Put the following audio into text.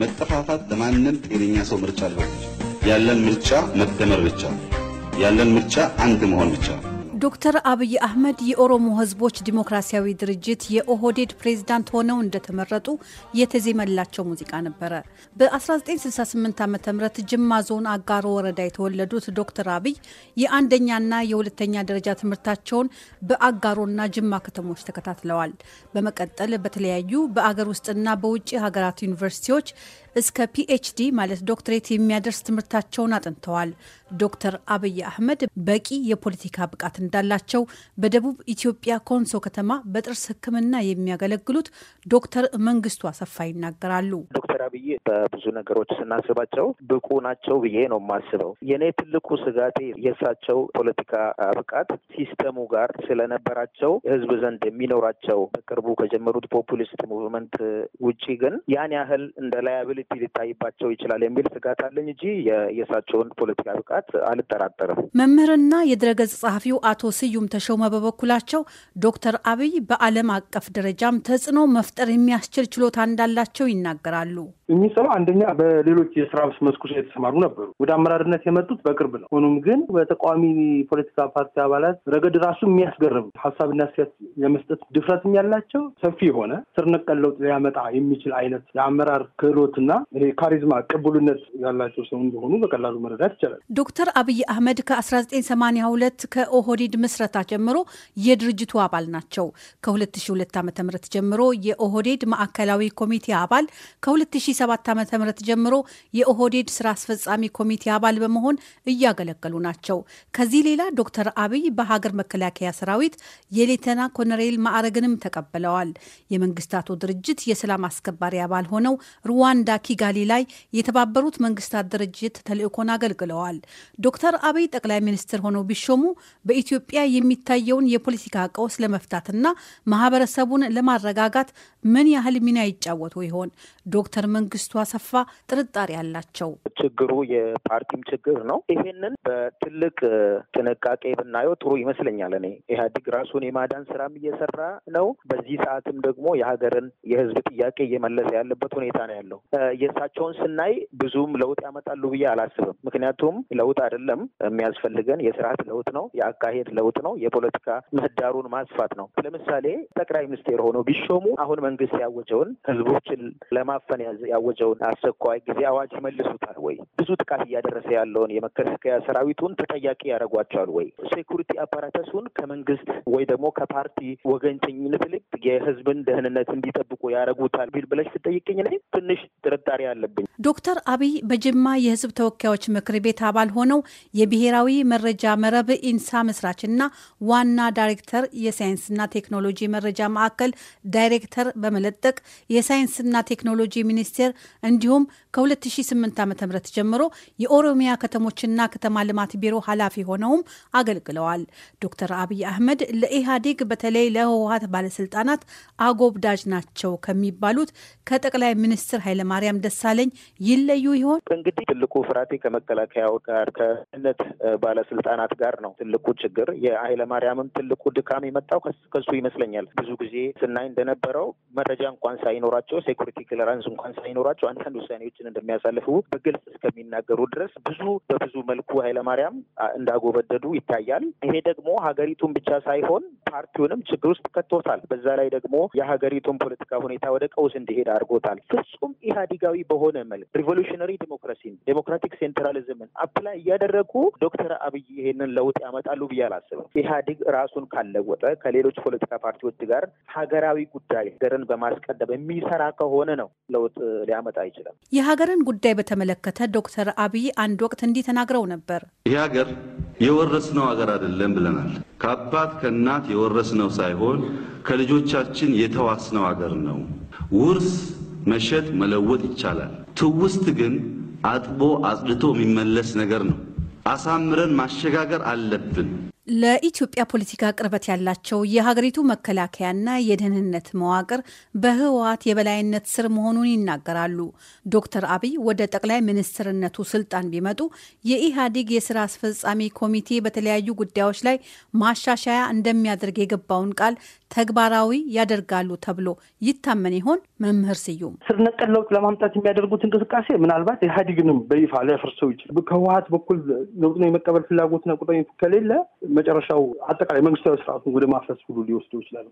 መጠፋፋት ለማንም ጤነኛ ሰው ምርጫ ሊሆን ያለን ምርጫ መደመር ብቻ ያለን ምርጫ አንድ መሆን ብቻ ነው። ዶክተር አብይ አህመድ የኦሮሞ ህዝቦች ዲሞክራሲያዊ ድርጅት የኦህዴድ ፕሬዝዳንት ሆነው እንደተመረጡ የተዜመላቸው ሙዚቃ ነበረ። በ1968 ዓ ም ጅማ ዞን አጋሮ ወረዳ የተወለዱት ዶክተር አብይ የአንደኛና የሁለተኛ ደረጃ ትምህርታቸውን በአጋሮና ጅማ ከተሞች ተከታትለዋል። በመቀጠል በተለያዩ በአገር ውስጥና በውጭ ሀገራት ዩኒቨርሲቲዎች እስከ ፒኤችዲ ማለት ዶክትሬት የሚያደርስ ትምህርታቸውን አጥንተዋል። ዶክተር አብይ አህመድ በቂ የፖለቲካ ብቃት እንዳላቸው በደቡብ ኢትዮጵያ ኮንሶ ከተማ በጥርስ ሕክምና የሚያገለግሉት ዶክተር መንግስቱ አሰፋ ይናገራሉ። ዶክተር አብይ በብዙ ነገሮች ስናስባቸው ብቁ ናቸው ብዬ ነው የማስበው። የእኔ ትልቁ ስጋቴ የእሳቸው ፖለቲካ ብቃት ሲስተሙ ጋር ስለነበራቸው ህዝብ ዘንድ የሚኖራቸው በቅርቡ ከጀመሩት ፖፑሊስት ሙቭመንት ውጪ ግን ያን ያህል እንደ ላያብል ፊት ሊታይባቸው ይችላል የሚል ስጋት አለኝ እንጂ የእሳቸውን ፖለቲካ ብቃት አልጠራጠርም። መምህርና የድረገጽ ጸሐፊው አቶ ስዩም ተሾመ በበኩላቸው ዶክተር አብይ በዓለም አቀፍ ደረጃም ተጽዕኖ መፍጠር የሚያስችል ችሎታ እንዳላቸው ይናገራሉ። እኚህ ሰው አንደኛ በሌሎች የስራ መስኮች ላይ የተሰማሩ ነበሩ። ወደ አመራርነት የመጡት በቅርብ ነው። ሆኖም ግን በተቃዋሚ ፖለቲካ ፓርቲ አባላት ረገድ ራሱ የሚያስገርም ሀሳብና ስት የመስጠት ድፍረትም ያላቸው ሰፊ የሆነ ስር ነቀል ለውጥ ሊያመጣ የሚችል አይነት የአመራር ክህሎትና ካሪዝማ ቅቡልነት ያላቸው ሰው እንደሆኑ በቀላሉ መረዳት ይቻላል። ዶክተር አብይ አህመድ ከ1982 ከኦህዴድ ምስረታ ጀምሮ የድርጅቱ አባል ናቸው። ከ2002 ዓ ም ጀምሮ የኦህዴድ ማዕከላዊ ኮሚቴ አባል፣ ከ2007 ዓ ም ጀምሮ የኦህዴድ ስራ አስፈጻሚ ኮሚቴ አባል በመሆን እያገለገሉ ናቸው። ከዚህ ሌላ ዶክተር አብይ በሀገር መከላከያ ሰራዊት የሌተና ኮሎኔል ማዕረግንም ተቀብለዋል። የመንግስታቱ ድርጅት የሰላም አስከባሪ አባል ሆነው ሩዋንዳ ኪጋሊ ላይ የተባበሩት መንግስታት ድርጅት ተልእኮን አገልግለዋል። ዶክተር አብይ ጠቅላይ ሚኒስትር ሆነው ቢሾሙ በኢትዮጵያ የሚታየውን የፖለቲካ ቀውስ ለመፍታትና ማህበረሰቡን ለማረጋጋት ምን ያህል ሚና ይጫወቱ ይሆን? ዶክተር መንግስቱ አሰፋ ጥርጣሬ አላቸው። ችግሩ የፓርቲም ችግር ነው። ይሄንን በትልቅ ጥንቃቄ ብናየው ጥሩ ይመስለኛል። እኔ ኢህአዲግ ራሱን የማዳን ስራም እየሰራ ነው። በዚህ ሰዓትም ደግሞ የሀገርን የህዝብ ጥያቄ እየመለሰ ያለበት ሁኔታ ነው ያለው። የእሳቸውን ስናይ ብዙም ለውጥ ያመጣሉ ብዬ አላስብም። ምክንያቱም ለውጥ አይደለም የሚያስፈልገን የስርዓት ለውጥ ነው፣ የአካሄድ ለውጥ ነው፣ የፖለቲካ ምህዳሩን ማስፋት ነው። ለምሳሌ ጠቅላይ ሚኒስቴር ሆኖ ቢሾሙ አሁን መንግስት ያወጀውን ህዝቦችን ለማፈን ያወጀውን አስቸኳይ ጊዜ አዋጅ ይመልሱታል ወይ? ብዙ ጥቃት እያደረሰ ያለውን የመከላከያ ሰራዊቱን ተጠያቂ ያደረጓቸዋል ወይ? ሴኩሪቲ አፓራተሱን ከመንግስት ወይ ደግሞ ከፓርቲ ወገንተኝነት ይልቅ የህዝብን ደህንነት እንዲጠብቁ ያደረጉታል ቢል ብለሽ ትጠይቅኝ ትንሽ ጥርጣሬ አለብኝ። ዶክተር አብይ በጅማ የህዝብ ተወካዮች ምክር ቤት አባል ሆነው የብሔራዊ መረጃ መረብ ኢንሳ መስራችና ዋና ዳይሬክተር የሳይንስና ቴክኖሎጂ መረጃ ማዕከል ዳይሬክተር በመለጠቅ የሳይንስና ቴክኖሎጂ ሚኒስቴር እንዲሁም ከ2008 ዓ ም ጀምሮ የኦሮሚያ ከተሞችና ከተማ ልማት ቢሮ ኃላፊ ሆነውም አገልግለዋል። ዶክተር አብይ አህመድ ለኢህአዴግ በተለይ ለህወሀት ባለስልጣናት አጎብዳጅ ናቸው ከሚባሉት ከጠቅላይ ሚኒስትር ኃይለማርያም ኃይለማርያም ደሳለኝ ይለዩ ይሆን? እንግዲህ ትልቁ ፍራቴ ከመከላከያው ጋር ከነት ባለስልጣናት ጋር ነው። ትልቁ ችግር የኃይለማርያምም ትልቁ ድካም የመጣው ከሱ ይመስለኛል። ብዙ ጊዜ ስናይ እንደነበረው መረጃ እንኳን ሳይኖራቸው ሴኩሪቲ ክለራንስ እንኳን ሳይኖራቸው አንዳንድ ውሳኔዎችን እንደሚያሳልፉ በግልጽ እስከሚናገሩ ድረስ ብዙ በብዙ መልኩ ኃይለማርያም እንዳጎበደዱ ይታያል። ይሄ ደግሞ ሀገሪቱን ብቻ ሳይሆን ፓርቲውንም ችግር ውስጥ ከቶታል። በዛ ላይ ደግሞ የሀገሪቱን ፖለቲካ ሁኔታ ወደ ቀውስ እንዲሄድ አድርጎታል። ፍጹም ኢህአዴግ ህጋዊ በሆነ መልክ ሪቮሉሽነሪ ዲሞክራሲን ዴሞክራቲክ ሴንትራሊዝምን አፕላይ እያደረጉ ዶክተር አብይ ይሄንን ለውጥ ያመጣሉ ብዬ አላስብም። ኢህአዲግ ራሱን ካለወጠ ከሌሎች ፖለቲካ ፓርቲዎች ጋር ሀገራዊ ጉዳይ ሀገርን በማስቀደም የሚሰራ ከሆነ ነው ለውጥ ሊያመጣ አይችልም። የሀገርን ጉዳይ በተመለከተ ዶክተር አብይ አንድ ወቅት እንዲህ ተናግረው ነበር። ይህ ሀገር የወረስነው ሀገር አይደለም ብለናል። ከአባት ከእናት የወረስነው ሳይሆን ከልጆቻችን የተዋስነው ሀገር ነው ውርስ መሸጥ መለወጥ ይቻላል። ትውስት ግን አጥቦ አጽድቶ የሚመለስ ነገር ነው። አሳምረን ማሸጋገር አለብን። ለኢትዮጵያ ፖለቲካ ቅርበት ያላቸው የሀገሪቱ መከላከያና የደህንነት መዋቅር በህወሀት የበላይነት ስር መሆኑን ይናገራሉ። ዶክተር አብይ ወደ ጠቅላይ ሚኒስትርነቱ ስልጣን ቢመጡ የኢህአዴግ የስራ አስፈጻሚ ኮሚቴ በተለያዩ ጉዳዮች ላይ ማሻሻያ እንደሚያደርግ የገባውን ቃል ተግባራዊ ያደርጋሉ ተብሎ ይታመን ይሆን? መምህር ስዩም ስር ነቀል ለውጥ ለማምጣት የሚያደርጉት እንቅስቃሴ ምናልባት ኢህአዴግንም በይፋ ሊያፈርሰው ይችላል። ከህወሀት በኩል ነው የመቀበል ፍላጎትና ቁጠኝት ከሌለ መጨረሻው አጠቃላይ መንግስታዊ ስርዓቱን ወደ ማፍረስ ሁሉ ሊወስደው ይችላል።